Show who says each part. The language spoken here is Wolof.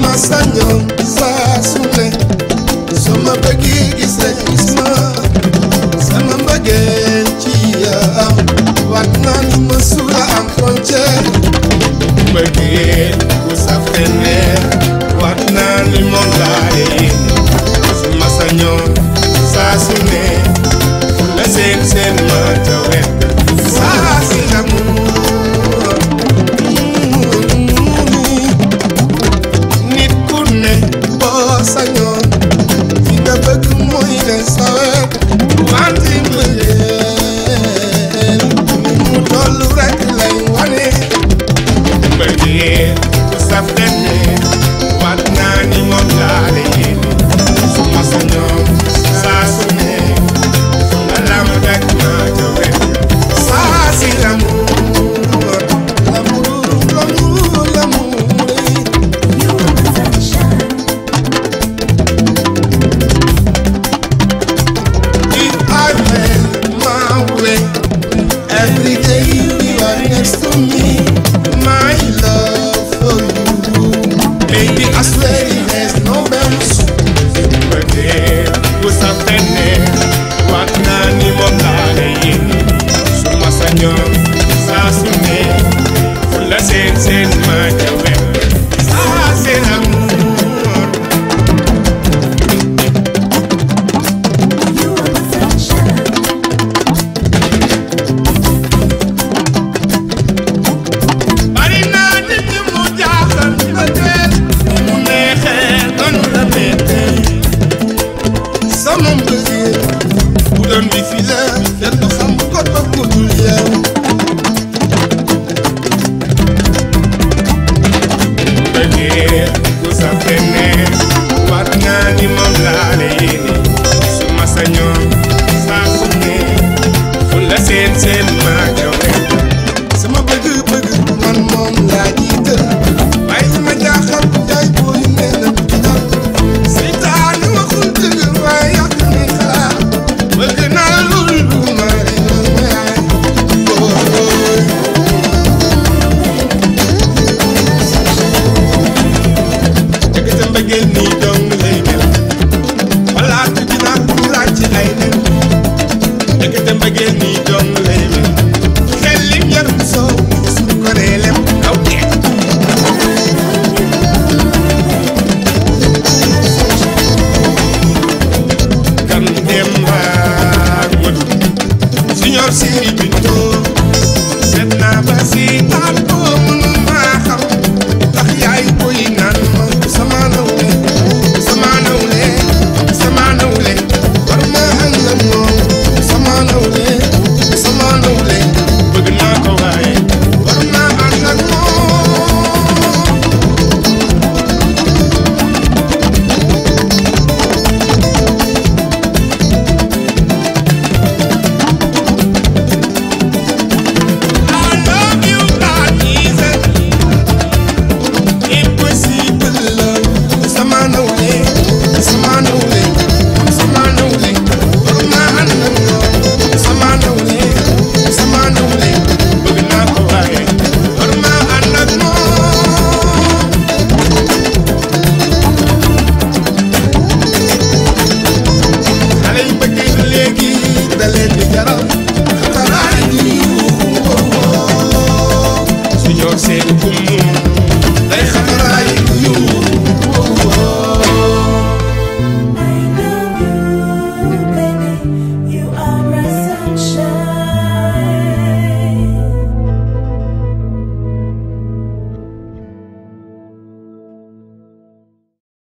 Speaker 1: Massanhão remember, yeah, the stuff that lady, I swear jigéen nii dong lay mel xalaatu dinaa ko laaj ci ay nit ndekete nii dong get up.